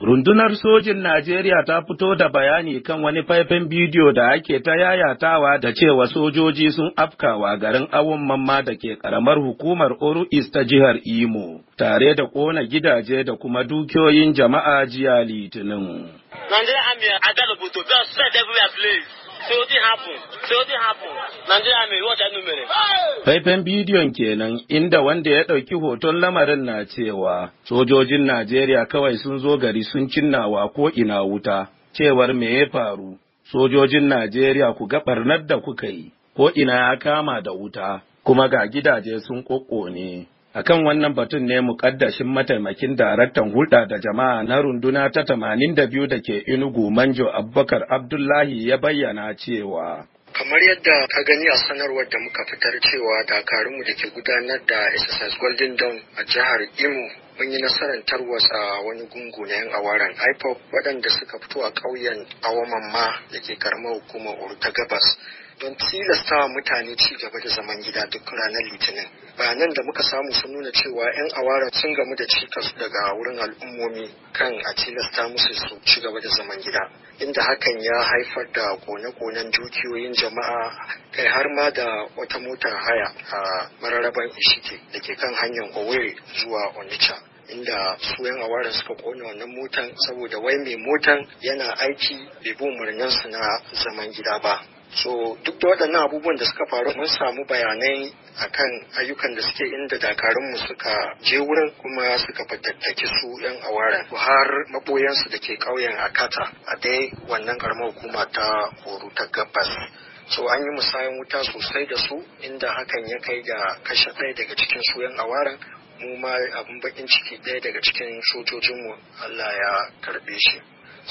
Rundunar sojin Najeriya ta fito da bayani kan wani faifin bidiyo da ake ta yayatawa da cewa sojoji sun afkawa garin awon mamma da ke karamar hukumar Oru East ta jihar Imo, tare da kona gidaje da kuma dukiyoyin jama'a jiya Litinin. Nigeria army They are spread everywhere, please. Faifan bidiyon kenan inda wanda ya ɗauki hoton lamarin na cewa sojojin Najeriya kawai sun zo gari sun cinnawa ko ina wuta, cewar me ya faru, sojojin Najeriya ku ga ɓarnar da kuka yi, ko ina ya kama da wuta, kuma ga gidaje sun ƙoƙƙone. Akan wannan batun ne mukaddashin mataimakin daraktan hulɗa da jama'a na runduna ta tamanin da biyu da ke Inugu Manjo Abubakar Abdullahi ya bayyana cewa. kamar yadda ka gani a sanarwar da muka fitar cewa dakarunmu da ke gudanar da exercise golden dawn a jihar imo mun yi nasarar tarwasa wani gungu na yan awaran ipop waɗanda suka fito a ƙauyen Awamamma ma da ke karamar hukumar ta gabas don tilastawa mutane ci gaba da zaman gida duk ranar litinin bayanan da muka samu sun nuna cewa 'yan awara sun gamu da cikas daga wurin al'ummomi kan a tilasta musu su ci gaba da zaman gida inda hakan ya haifar da kone-konen dukiyoyin jama'a kai har ma da wata motar haya a mararaban ishike da ke kan hanyar owerri zuwa onitsha inda su yan awara suka kone wannan motan saboda wai mai motan yana aiki bai bi umarninsu na zaman gida ba so duk da waɗannan abubuwan da suka faru mun samu bayanai akan ayyukan da suke inda dakarun mu suka je wurin kuma suka fatattaki su yan awaren har maboyansu da ke ƙauyen akata a dai wannan karamar hukuma ta horo ta gabas so an yi musayan wuta sosai da su inda hakan ya kai ga kashe ɗaya daga cikin su yan mu ma abin bakin ciki ɗaya daga cikin sojojinmu Allah ya karɓe shi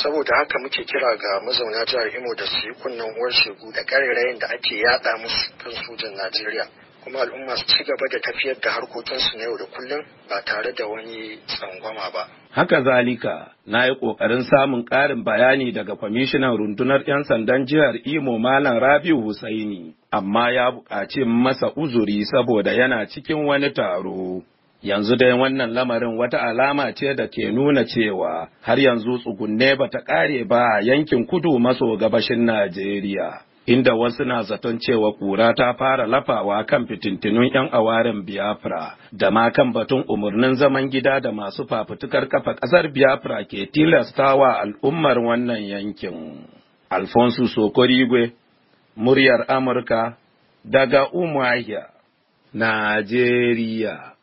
saboda haka muke kira ga mazauna jihar Imo da su yi kunnen uwar shegu da ƙarerayin da ake yada musu kan sojan Najeriya kuma al'umma su ci gaba da tafiyar da harkokinsu na yau da kullum ba tare da wani tsangwama ba. Haka zalika, na yi ƙoƙarin samun ƙarin bayani daga kwamishinan rundunar 'yan sandan jihar Imo Malam Rabiu Husaini, amma ya buƙaci masa uzuri saboda yana cikin wani taro. Yanzu dai wannan lamarin wata alama ce da ke nuna cewa har yanzu tsugunne ba ta ƙare ba a yankin kudu maso gabashin Najeriya. Inda wasu na zaton cewa kura ta fara lafawa kan fitintinun 'yan awarin Biafra da ma kan batun umarnin zaman gida da masu fafutukar kafa ƙasar Biafra ke tilastawa al'ummar wannan yankin. Alfonso Sokorigwe, muryar Amurka, daga Umuahia, Najeriya.